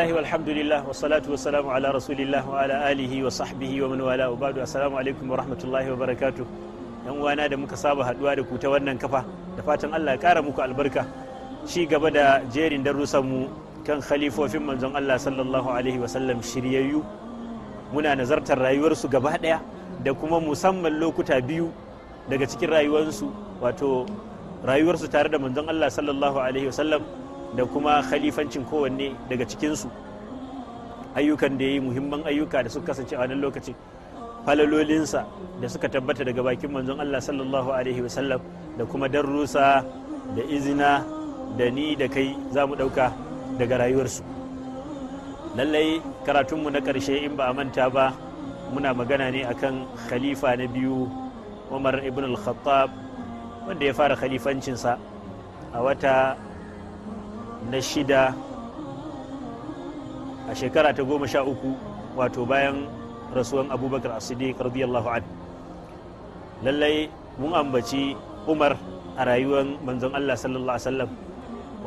alhamdulillahi walhamdulillah wa salatu wa salamu ala rasulillah wa ala alihi wa sahbihi wa man wala ubadu assalamu alaikum wa rahmatullahi wa barakatuh yan uwana da muka saba haduwa da ku ta wannan kafa da fatan Allah ya kara muku albarka shi gaba da jerin darussan mu kan khalifofin manzon Allah sallallahu alaihi wa sallam shiryayyu muna nazartar rayuwarsu gaba daya da kuma musamman lokuta biyu daga cikin rayuwarsu wato rayuwarsu tare da manzon Allah sallallahu alaihi wa sallam da kuma khalifancin kowanne daga cikinsu ayyukan da ya yi muhimman ayyuka da suka kasance a wannan lokacin falalolinsa da suka tabbata daga bakin manzon Allah sallallahu alaihi wasallam da kuma darrusa da izina da ni da kai za mu ɗauka daga rayuwarsu lallai karatunmu na ƙarshe in ba a manta ba muna magana ne akan khalifa na biyu umar ibn al-khattab wanda ya fara khalifancinsa a wata na shida a shekara ta goma sha uku wato bayan rasuwan abubakar as-siddiq radiyallahu an lallai mun ambaci umar a rayuwar manzon allah sallallahu wasallam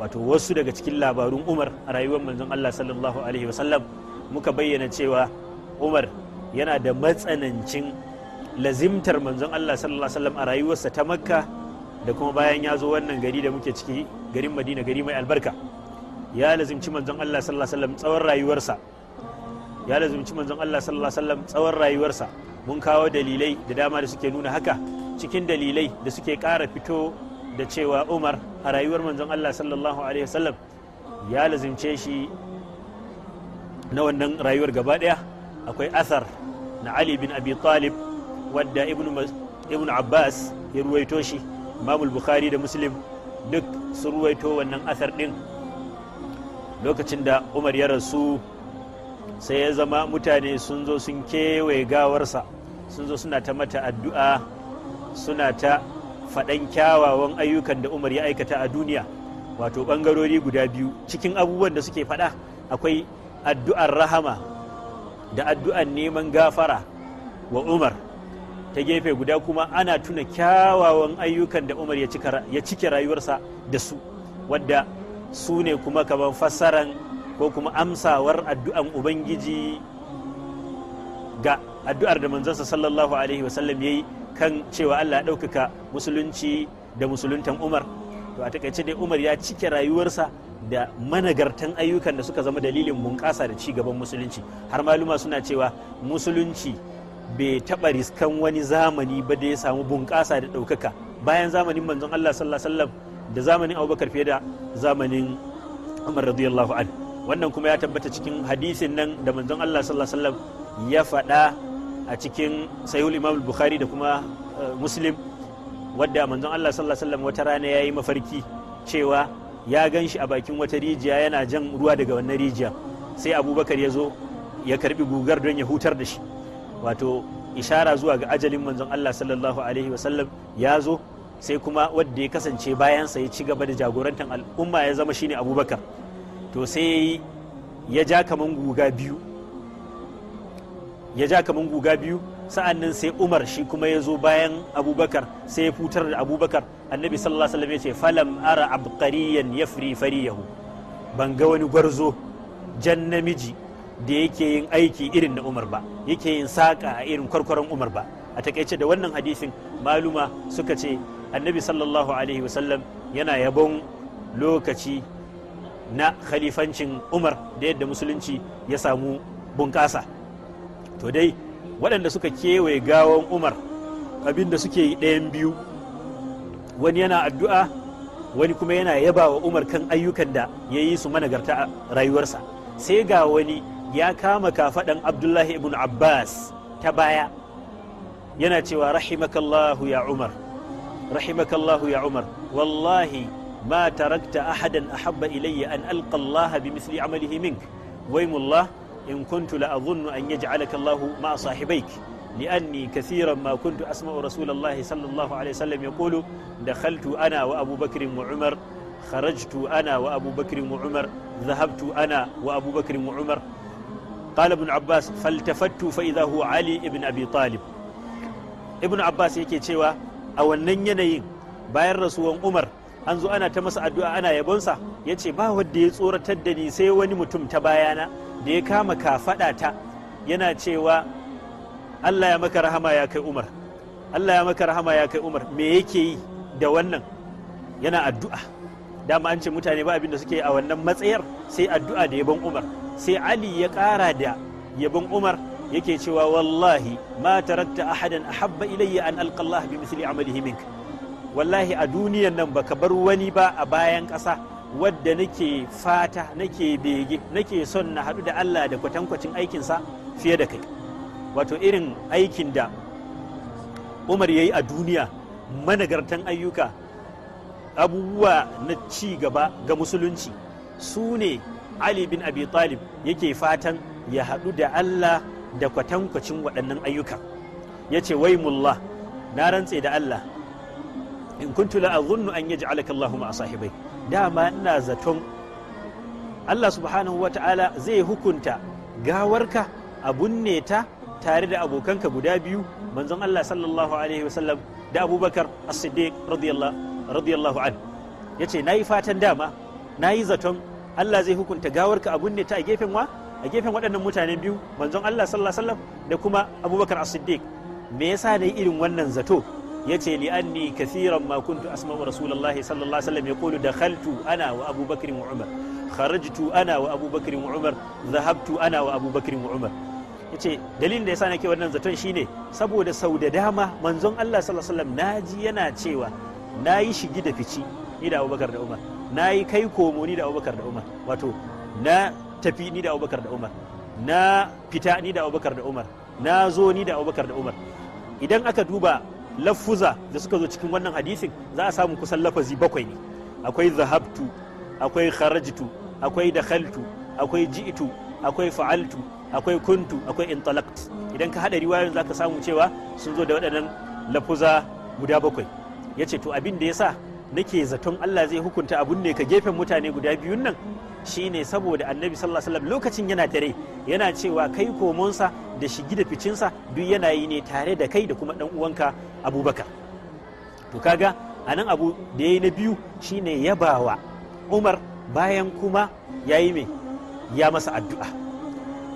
wato wasu daga cikin labarun umar a rayuwar manzon allah sallallahu alaihi wasallam muka bayyana cewa umar yana da matsanancin lazimtar manzon allah sallallahu wasallam a rayuwarsa ta makka da kuma bayan ya zo wannan gari da muke ciki garin madina gari mai albarka ya lazimci manzon Allah sallallahu alaihi wasallam tsawon rayuwarsa ya lazimci manzon Allah sallallahu alaihi wasallam tsawon rayuwarsa mun kawo dalilai da dama da suke nuna haka cikin dalilai da suke ƙara fito da cewa Umar a rayuwar manzon Allah sallallahu alaihi wasallam ya lazimce shi na wannan rayuwar gaba ɗaya akwai asar na Ali bin Abi Talib wadda Ibn Abbas ya ruwaito shi Imam Bukhari da Muslim duk sun ruwaito wannan asar ɗin lokacin da umar ya rasu sai ya zama mutane sun zo sun kewaye gawarsa sun zo suna ta mata addu'a suna ta faɗan kyawawan ayyukan da umar ya aikata a duniya wato ɓangarori guda biyu cikin abubuwan da suke faɗa akwai addu'ar rahama da addu'ar neman gafara wa umar ta gefe guda kuma ana tuna kyawawan ayyukan da umar ya cike rayuwarsa da su wadda su ne kuma kamar fassaran ko kuma amsawar addu'an ubangiji ga addu'ar da manzansa sallallahu alaihi wasallam ya yi kan cewa allah ya ɗaukaka musulunci da musuluntan umar to a takaice dai umar ya cike rayuwarsa da managartan ayyukan da suka zama dalilin bunƙasa da cigaban musulunci har maluma suna cewa musulunci bai taɓa riskan wani zamani ba da ya samu bunƙasa da ɗaukaka bayan zamanin manzon allah sallallahu alaihi wasallam da zamanin abubakar fiye da zamanin umar radiyallahu an wannan kuma ya tabbata cikin hadisin nan da manzon allah sallallahu alaihi wasallam ya faɗa a cikin sayul imam bukhari da kuma eh, muslim wadda manzon allah sallallahu alaihi wasallam wata rana ya yi mafarki cewa ya gan shi a bakin wata rijiya yana jan ruwa daga wannan rijiya sai abubakar ya zo ya karbi gugar don ya hutar da shi wato ishara zuwa ga ajalin manzon allah sallallahu alaihi wasallam ya zo sai kuma wadda ya kasance bayansa ya ci gaba da jagorantar al'umma ya zama shine abubakar to sai ya ja kaman guga biyu ya ja kaman guga biyu sa'an nan sai umar shi kuma ya zo bayan abubakar sai ya futar da abubakar annabi sallallahu alaihi wasallam ya ce falam ara abqariyan yafri fariyahu ban ga wani gwarzo jan namiji da yake yin aiki irin na umar ba yake yin saƙa a irin kwarkwaron umar ba a takaice da wannan hadisin maluma suka ce annabi sallallahu alaihi wasallam yana yabon lokaci na khalifancin umar da yadda musulunci ya samu bunƙasa to dai waɗanda suka kewaye gawon umar abinda suke yi ɗayan biyu wani yana addu'a wani kuma yana yaba wa umar kan ayyukan da ya yi su managarta a rayuwarsa sai ga wani ya kama kafaɗan abdullahi ibn abbas ta baya yana cewa rahimakallahu ya umar رحمك الله يا عمر والله ما تركت أحدا أحب إلي أن ألقى الله بمثل عمله منك ويم الله إن كنت لأظن أن يجعلك الله مع صاحبيك لأني كثيرا ما كنت أسمع رسول الله صلى الله عليه وسلم يقول دخلت أنا وأبو بكر وعمر خرجت أنا وأبو بكر وعمر ذهبت أنا وأبو بكر وعمر قال ابن عباس فالتفت فإذا هو علي ابن أبي طالب ابن عباس يكي cewa a wannan yanayin bayan rasuwan umar an zo ana ta masa addu'a ana yabonsa ya ce ba wanda ya tsoratar da ni sai wani mutum ta bayana da ya kama kafaɗa ta yana cewa allah ya maka rahama ya kai umar allah ya maka rahama ya kai umar me yake yi da wannan yana addu'a dama an ce mutane ba abin da suke a wannan matsayar sai addu'a da yabon umar sai ali ya ƙara da yabon umar yake cewa wallahi ma taratta ahadan ahabba ilayya an alqa Allah bi misli amalihi mink wallahi a duniyan nan baka bar wani ba a bayan ƙasa wadda nake fata nake bege nake son na haɗu da Allah da kwatankwacin aikinsa fiye da kai wato irin aikin da Umar yayi a duniya managartan ayyuka abubuwa na ci gaba ga musulunci su ne Ali bin Abi Talib yake fatan ya haɗu da Allah da kwatankwacin waɗannan ayyuka ya ce wai mullah na rantse da Allah in kuntu la azunnu an yaj'alaka Allahu ma sahibai dama ina zaton Allah subhanahu ta'ala zai hukunta gawarka a bunneta ta tare da abokanka guda biyu manzon Allah sallallahu alaihi wasallam da Abubakar As-Siddiq radiyallahu an yace nayi fatan dama nayi zaton Allah zai hukunta gawarka a bunneta ta a gefen wa a gefen waɗannan mutane biyu manzon Allah sallallahu alaihi wasallam da kuma Abubakar As-Siddiq me yasa da irin wannan zato yace li anni kathiran ma kuntu asma'u rasulullahi sallallahu alaihi wasallam yaqulu dakhaltu ana wa Abubakar wa Umar kharajtu ana wa Abubakar wa Umar dhahabtu ana wa Abubakar wa Umar yace dalilin da yasa nake wannan zaton shine saboda sau da dama manzon Allah sallallahu alaihi wasallam naji yana cewa nayi shigi da fici ni da Abubakar da Umar nayi kai komo ni da Abubakar da Umar wato na tafi ni da abubakar da umar na fita ni da abubakar da umar na zo ni da abubakar da umar idan aka duba lafuza da suka zo cikin wannan hadisin za a samu kusan lafazi bakwai ne akwai zahabtu akwai kharajtu akwai dakhaltu akwai ji'itu akwai fa'altu akwai kuntu akwai intalakt idan ka haɗa riwayoyin za ka samu cewa sun zo da waɗannan lafuza guda bakwai yace to abin da yasa nake zaton Allah zai hukunta abun ne ka gefen mutane guda biyun nan shine saboda annabi sallallahu alaihi wasallam lokacin yana dare yana cewa kai komonsa da shigi da ficinsa duk yana yi ne tare da kai da kuma dan uwanka abubakar to kaga anan abu da yayi na biyu shine yabawa umar bayan kuma yayi me ya masa addu'a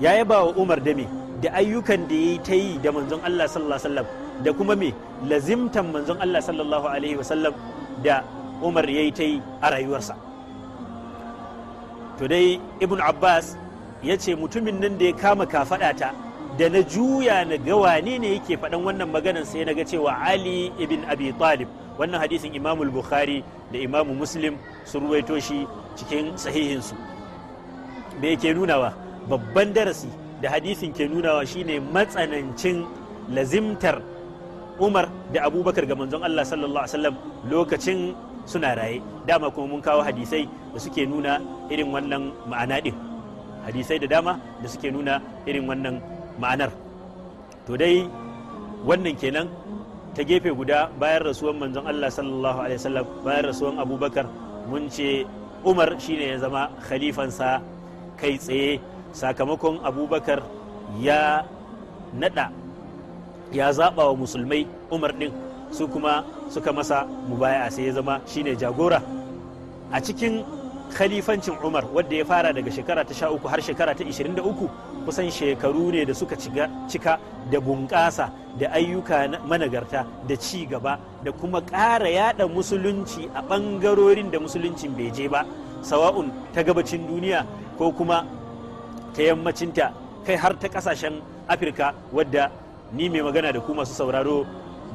ya yabawa umar da me da ayyukan da yayi ta yi da manzon Allah sallallahu alaihi wasallam da kuma me lazimtan manzon Allah sallallahu alaihi wasallam da umar yayi ta yi a rayuwarsa to dai ibn abbas ya ce mutumin nan da ya kama kafaɗata da na juya na gawa ne ne yake faɗan wannan maganan sai na ga cewa ali ibn abi talib wannan hadisin imamu bukhari da imamu muslim sun ruwaito shi cikin sahihinsu me yake nunawa babban darasi da hadisin ke nunawa shine matsanancin lazimtar umar da abubakar ga manzon allah sallallahu alaihi wasallam lokacin suna raye dama kuma mun kawo hadisai da suke nuna irin wannan ma'ana ɗin hadisai da dama da suke nuna irin wannan ma'anar to dai wannan kenan ta gefe guda bayan rasuwan manzon Allah sallallahu alaihi wasallam bayan rasuwan abubakar mun ce umar shine ya zama sa kai tsaye sakamakon abubakar ya nada ya zaba wa musulmai umar din su kuma suka masa mubaya sai ya zama shine jagora a cikin khalifancin umar wadda ya fara daga shekara ta 13 har shekara ta 23 kusan shekaru ne da suka cika da bunƙasa da ayyuka managarta da ci gaba da kuma ƙara yada musulunci a ɓangarorin da musuluncin bai je ba sawa'un ta gabacin duniya ko kuma ta yammacinta kai har ta ƙasashen afirka wadda ni mai magana da ku masu sauraro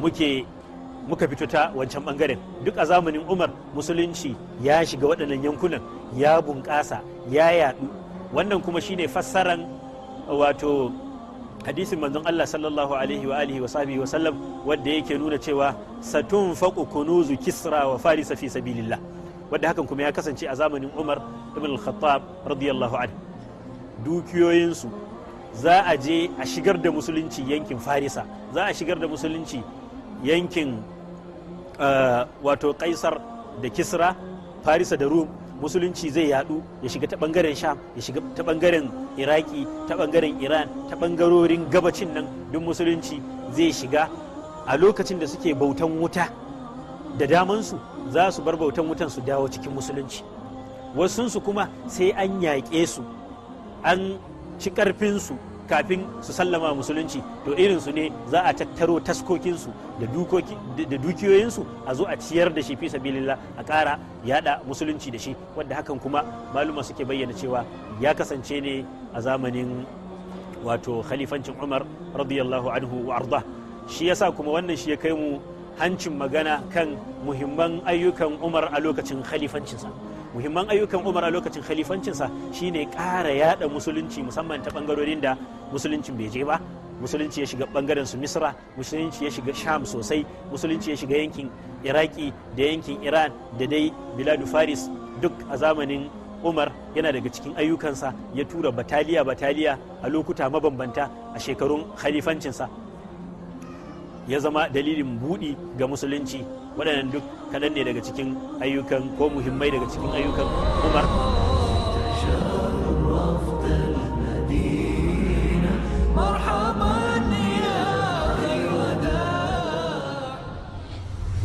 muke muka fito ta wancan bangaren duk a zamanin umar musulunci ya shiga waɗannan yankunan ya bunƙasa ya yaɗu wannan kuma shine fassaran wato hadisin manzon Allah sallallahu alaihi wa alihi wa sahbihi wa sallam wanda yake nuna cewa satun faqu kunuzu kisra wa farisa fi sabilillah wanda hakan kuma ya kasance a zamanin Umar ibn al-Khattab radiyallahu anhu dukiyoyinsu za a je a shigar da musulunci yankin farisa za a shigar da musulunci yankin Eh, wato kaisar da kisra farisa da rum musulunci zai yadu ya shiga ta bangaren sham ya shiga ta bangaren iraki ta bangaren iran ta bangarorin gabacin nan duk musulunci zai shiga a lokacin da suke bautan wuta da damansu za su bar bautan wutan su dawo cikin musulunci wasunsu kuma sai an yaƙe su an ci ƙarfinsu kafin su sallama musulunci to irin su ne za a tattaro taskokinsu da dukiyoyinsu a zo a ciyar da shi fi sabilillah a kara yada musulunci da shi wanda hakan kuma maluma suke bayyana cewa ya kasance ne a zamanin wato khalifancin umar radiyallahu anhu wa arda shi yasa kuma wannan shi ya kai mu hancin magana kan muhimman ayyukan umar a lokacin khalifancinsa muhimman ayyukan umar a lokacin khalifancinsa shine ƙara yada musulunci musamman ta bangarorin da musuluncin bai je ba musulunci ya shiga bangaren su misra musulunci ya shiga sham sosai musulunci ya shiga yankin iraki da yankin iran da dai biladu faris duk a zamanin umar yana daga cikin ayyukansa ya tura bataliya bataliya a lokuta mabambanta a shekarun khalifancinsa ya zama dalilin budi ga musulunci waɗannan duk kaɗan ne daga cikin ayyukan ko muhimmai daga cikin ayyukan umar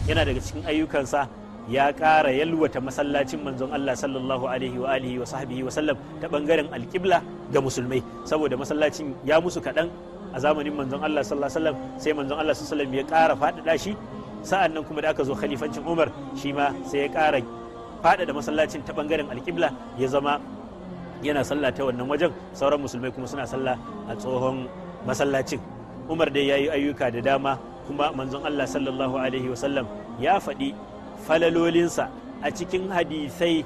yana daga cikin ayyukansa ya ƙara yalwata masallacin manzon Allah sallallahu alaihi wa alihi wa sahbihi wa sallam ta bangaren alƙibla ga musulmai saboda masallacin ya musu kaɗan a zamanin manzon Allah sallallahu alaihi wa sallam sai manzon Allah sallallahu alaihi sallam ya ƙara faɗaɗa shi sa'an nan kuma da aka zo khalifancin umar shi ma sai ya ƙara faɗaɗa masallacin ta ɓangaren alƙibla ya zama yana sallah ta wannan wajen sauran musulmai kuma suna sallah a tsohon masallacin umar dai ya yi ayyuka da dama kuma manzon allah sallallahu alaihi wasallam ya faɗi falalolinsa a cikin hadisai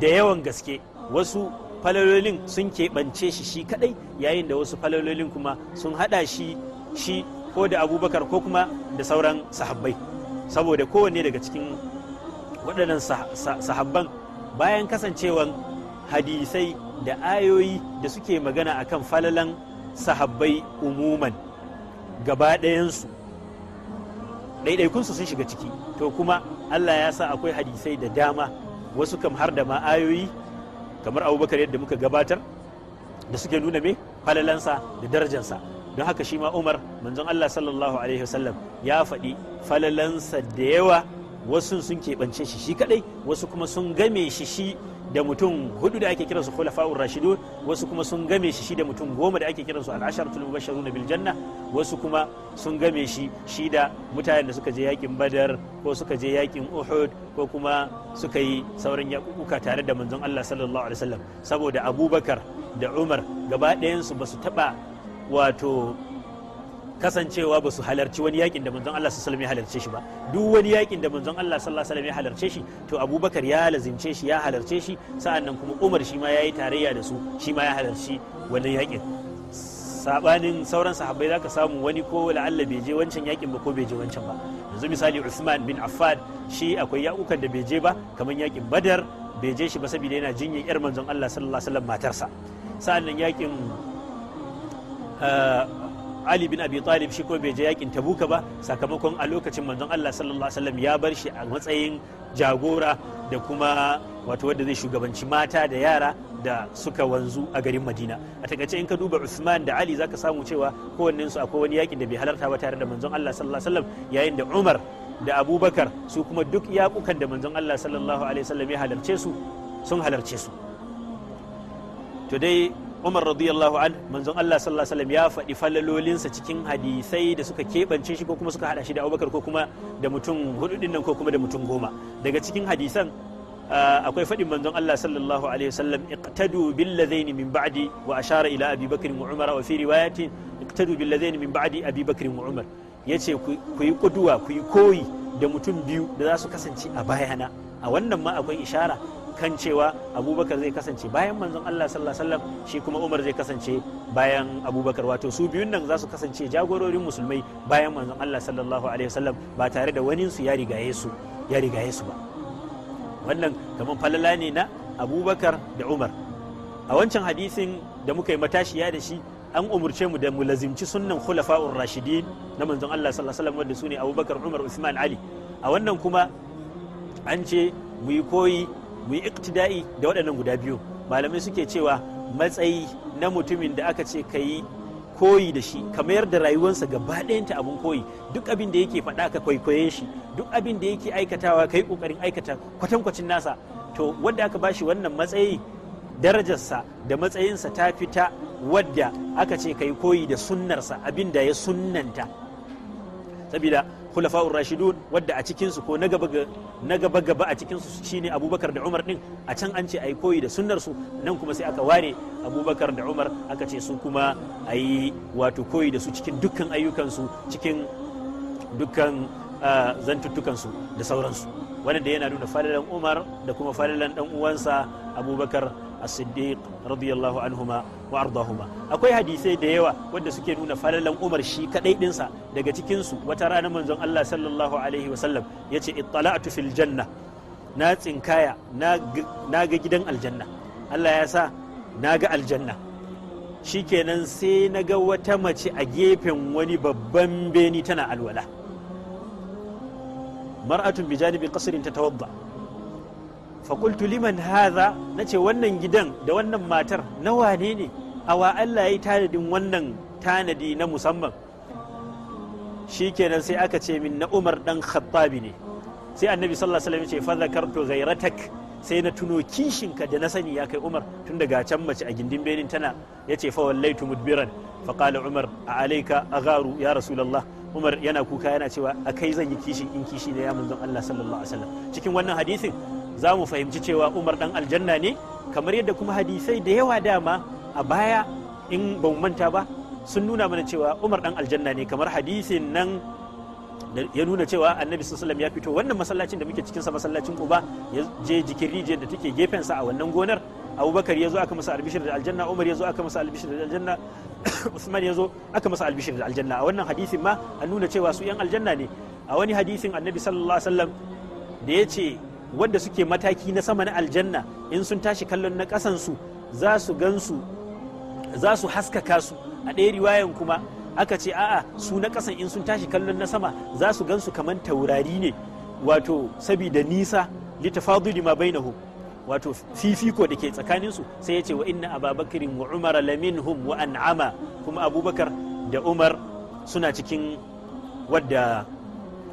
da yawan gaske wasu falalolin sun keɓance shi shi kaɗai yayin da wasu falalolin kuma sun haɗa shi shi ko da abubakar ko kuma da sauran sahabbai saboda kowanne daga cikin waɗannan sahabban bayan kasancewan hadisai da ayoyi da suke magana akan falalan sahabbai umuman gaba ɗayansu ɗaiɗaikunsu sun shiga ciki to kuma allah ya sa akwai hadisai da dama wasu kam har da ma ayoyi kamar abubakar yadda muka gabatar da suke nuna me falalansa da darajansa don haka shi ma umar manzon allah sallallahu alaihi wasallam ya faɗi falalansa da yawa wasu sun keɓance shi shi kaɗai wasu kuma sun game shi shi da mutum hudu da ake kiransu khulafa'ur rashidun wasu kuma sun game shi shi da mutum goma da ake kiransu al'asharatul mubashshirun bil janna wasu kuma sun game shi shi da mutanen da suka je yakin badar ko suka je yakin uhud ko kuma suka yi sauran yakuka tare da manzon Allah sallallahu alaihi wasallam saboda abubakar da umar gaba ɗayan su basu taba wato kasancewa ba su halarci wani yakin da manzon Allah sallallahu alaihi wasallam ya halarce shi ba duk wani yakin da manzon Allah sallallahu alaihi wasallam ya halarce shi to Abubakar ya lazimce shi ya halarce shi sa'annan kuma Umar shi ma yayi tarayya da su shi ma ya halarci wannan yakin sabanin sauran sahabbai zaka samu wani ko la'alla bai je wancan yakin ba ko bai je wancan ba yanzu misali Usman bin Affan shi akwai yakukan da bai je ba kamar yakin Badar bai je shi ba saboda yana jinyar yar manzon Allah sallallahu alaihi wasallam matarsa sa'annan yakin Eh, Ali bin Abi Talib shi ko bai je yakin Tabuka ba sakamakon a lokacin manzon Allah sallallahu alaihi wasallam ya bar shi a matsayin jagora da kuma wato wanda zai shugabanci mata da yara da suka wanzu a garin Madina a takaice in ka duba Usman da Ali zaka samu cewa kowannen su akwai wani yakin da bai halarta ba tare da manzon Allah sallallahu alaihi wasallam yayin da Umar da Abubakar su kuma duk yakukan da manzon Allah sallallahu alaihi wasallam ya halarce su sun halarce su to dai Umar radiyallahu an manzon Allah sallallahu alaihi wasallam ya faɗi falalolinsa cikin hadisai da suka keɓance shi ko kuma suka haɗa shi da Abubakar ko kuma da mutum hudu din nan ko kuma da mutum goma daga cikin hadisan uh, akwai faɗin manzon Allah sallallahu alaihi wasallam iqtadu bil min ba'di wa ashara ila Abi Bakr wa Umar wa fi riwayatin iqtadu bil ladaini min ba'di Abi Bakr wa Umar yace ku yi kuduwa ku yi koyi da mutum biyu da za su kasance a bayana a wannan ma akwai ishara kan cewa abubakar zai kasance bayan manzon allah sallallahu alaihi wasallam shi kuma umar zai kasance bayan abubakar wato su biyun nan za su kasance jagororin musulmai bayan manzon allah sallallahu alaihi wasallam ba tare da wani su ya rigaye su ya rigaye su ba wannan kamar falala ne na abubakar da umar a wancan hadisin da muka yi matashiya da shi an umurce mu da mu lazimci sunnan khulafa'ur rashidin na manzon Allah sallallahu alaihi wasallam wanda ne Abubakar Umar Usman Ali a wannan kuma an ce mu yi koyi mu yi iktida'i da waɗannan guda biyu malamai suke cewa matsayi na mutumin da aka ce ka yi koyi da shi ka mayar da rayuwarsa gaba ɗayanta abin koyi duk abin da yake faɗa ka kwaikwaye shi duk abin da yake aikatawa ka yi ƙoƙarin aikata kwatankwacin nasa to wanda aka bashi wannan matsayi darajarsa da matsayinsa ta fita wadda aka ce ka yi koyi da sunnarsa abin da ya sunnanta sabida khulafa'ur rashidun wadda a cikin su ko na gaba gaba a cikin su shine abubakar da umar din a can an ce a yi koyi da sunnar su nan kuma sai aka ware abubakar da umar aka ce su kuma ayi wato koyi da su cikin dukkan ayyukan cikin dukkan zantuttukan da sauransu wanda yana nuna falalan umar da kuma falalan dan uwansa abubakar as-siddiq radiyallahu anhuma wa ardahuma akwai hadisai da yawa wanda suke nuna falalan umar shi kadai dinsa daga cikin su wata rana manzon Allah sallallahu alaihi wa sallam yace ittala'tu fil janna na tsinkaya na ga gidan aljanna Allah ya sa na ga aljanna shikenan sai na ga wata mace a gefen wani babban beni tana alwala mar'atun bijanibi qasrin tatawadda faƙultu liman haza na ce wannan gidan da wannan matar na wane ne awa Allah yayi tanadin wannan tanadi na musamman shi kenan sai aka ce min na umar dan khattabi ne sai annabi sallallahu alaihi wasallam ce fa zakartu ghairatak sai na tuno kishinka da na sani ya kai umar tun daga can mace a gindin benin tana ya ce fa wallaitu mudbiran fa qala umar a alaika agharu ya rasulullah umar yana kuka yana cewa akai zan yi kishin in kishi ne ya manzon Allah sallallahu alaihi wasallam cikin wannan hadisin za mu fahimci cewa umar dan aljanna ne kamar yadda kuma hadisai da yawa dama a baya in ba mu manta ba sun nuna mana cewa umar dan aljanna ne kamar hadisin nan ya nuna cewa annabi alaihi ya fito wannan masallacin da muke cikinsa masallacin uba ya je jikin rijiyar da take gefensa a wannan gonar abubakar ya zo aka masa albishir da aljanna umar ya zo aka masa albishir da aljanna usman ya zo aka masa albishir da aljanna a wannan hadisin ma an nuna cewa su yan aljanna ne a wani hadisin annabi sallallahu alaihi wasallam da ya ce wanda suke mataki na sama na aljanna in sun tashi kallon na ƙasansu za su gansu za su haskaka su a ɗaya riwayan kuma aka ce a'a su na ƙasan in sun tashi kallon na sama za su gansu kamar taurari ne wato sabida nisa litafaduli ma bainahu wato fifiko da ke tsakaninsu sai ya ce wa inna ababakarin wa umar laminhum wa an'ama kuma abubakar da umar suna cikin wadda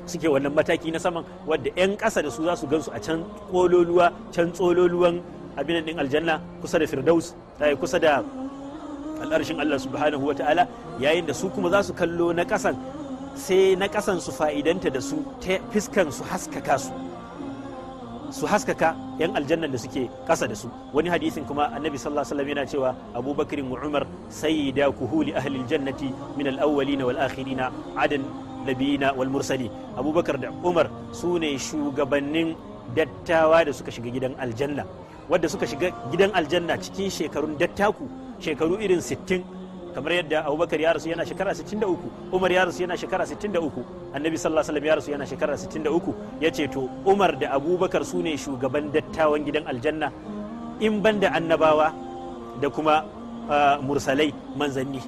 suke wannan mataki na saman wadda 'yan ƙasa da su za su gansu a can kololuwa can tsololuwan abinan ɗin aljanna kusa da firdaus eh, kusa da al'arshin Allah subhanahu wa ta'ala yayin da su kuma za su kallo na ƙasan sai na ƙasan su fa'idanta da su ta fiskan su haskaka su su haskaka 'yan aljannan da suke ƙasa da su wani hadisin kuma annabi sallallahu alaihi yana cewa abubakar umar sayyida kuhuli ahlil jannati min al-awwalina wal akhirina adan nabiyina wal mursali abubakar da umar su ne shugabannin dattawa da suka shiga gidan aljanna wadda suka shiga gidan aljanna cikin shekarun dattaku shekaru irin sittin kamar yadda abubakar ya rasu yana shekara 63 umar ya rasu yana shekara 63 annabi sallallahu alaihi wasallam ya rasu yana shekara 63 yace to umar da abubakar su ne shugaban dattawan gidan aljanna in banda annabawa da kuma uh, mursalai manzanni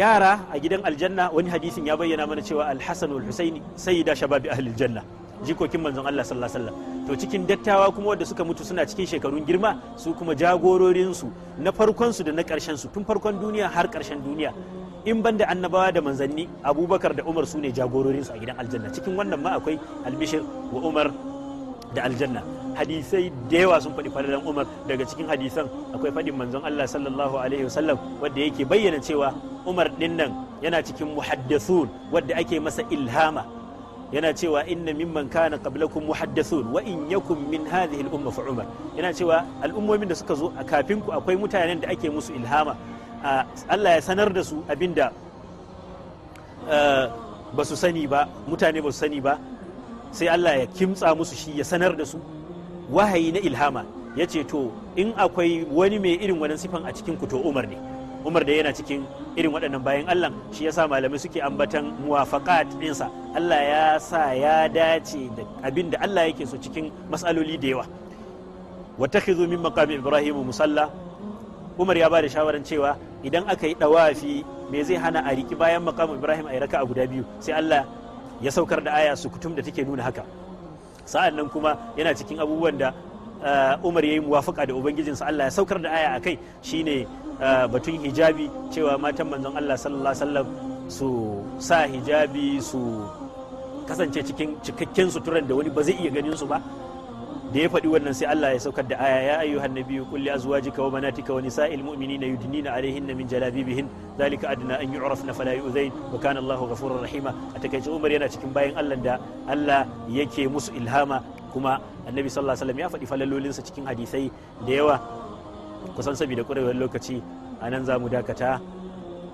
yara a gidan aljanna wani hadisin ya bayyana mana cewa alhassan sai husaini da shababi ahlil janna jikokin manzon Allah sallallahu to cikin dattawa kuma wanda suka mutu suna cikin shekarun girma su kuma jagororin na farkonsu da na karshen su tun farkon duniya har karshen duniya in ban da annabawa da manzanni abubakar da umar su ne jagororin su a gidan aljanna cikin wannan ma akwai albishir wa umar da aljanna hadisai da yawa sun faɗi falalan umar daga cikin hadisan akwai faɗin manzon allah sallallahu alaihi wasallam wanda yake bayyana cewa umar ɗin nan yana cikin muhaddathun wadda ake masa ilhama yana cewa inna mimman kana qablakum muhaddathun wa in yakum min hadhihi al-umma fa umar yana cewa al'ummomin da suka zo a kafin ku akwai mutanen da ake musu ilhama Allah ya sanar da su abinda eh, ba su sani ba mutane ba su sani ba sai Allah ya kimtsa musu shi ya sanar da su wahayi na ilhama ya ce to in akwai wani mai irin wannan sifan a cikin ku to Umar ne Umar da yana cikin irin waɗannan bayan Allah shi yasa malamai suke ambatan muwafaqat ɗinsa Allah ya sa ya dace da abin da Allah yake so cikin matsaloli da yawa wa takhidhu min maqami ibrahim musalla Umar ya ba da shawarar cewa idan aka yi ɗawafi me zai hana a riki bayan maqamu ibrahim a raka a guda biyu sai Allah ya saukar da aya su kutum da take nuna haka sa'an nan kuma yana cikin abubuwan da uh, umar ya yi muwafaka da ubangijinsa allah ya saukar da aya a kai shine uh, batun hijabi cewa matan manzon allah sallallahu sallam su sa hijabi su kasance cikin cikakken suturan da wani ba zai iya ganin su ba da ya faɗi wannan sai Allah ya saukar da aya ya ayyuhan nabiyyu qul li azwajika wa banatika wa nisa'il mu'minina yudnina alaihinna min jalabibihin dalika adna an yu'rafna fala yu'zain wa kana Allahu ghafurur rahima a Umar yana cikin bayan Allah da Allah yake musu ilhama kuma annabi sallallahu alaihi wasallam ya faɗi falalolin sa cikin hadisai da yawa kusan saboda ƙwarewar lokaci a nan za dakata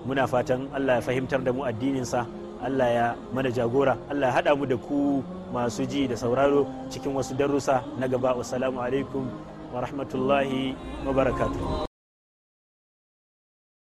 muna fatan Allah ya fahimtar da mu addinin sa Allah ya mana jagora Allah ya hada mu da ku masu ji da sauraro cikin wasu darussa na gaba wasalamu alaikum wa rahmatullahi wa